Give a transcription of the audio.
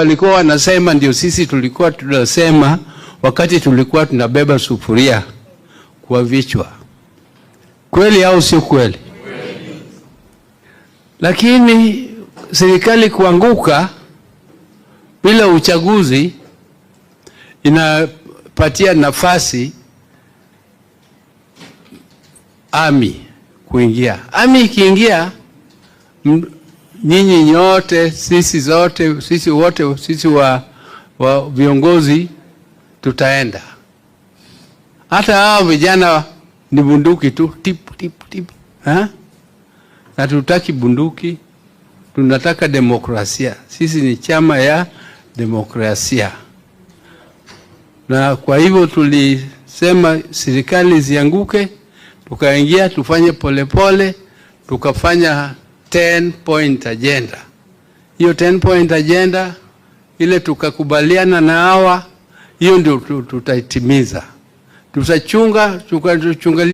walikuwa wanasema, ndio sisi tulikuwa tunasema wakati tulikuwa tunabeba sufuria kwa vichwa. Kweli au sio kweli? Lakini serikali kuanguka bila uchaguzi inapatia nafasi ami kuingia. Ami ikiingia nyinyi nyote, sisi zote, sisi wote, sisi wa, wa viongozi tutaenda. Hata hao vijana ni bunduki tu tip tip tip, ha? tutaki bunduki, tunataka demokrasia. Sisi ni chama ya demokrasia, na kwa hivyo tulisema serikali zianguke, tukaingia tufanye polepole pole, tukafanya 10 point agenda. Hiyo 10 point agenda ile tukakubaliana na hawa, hiyo ndio tutaitimiza, tutachunga tukachungalia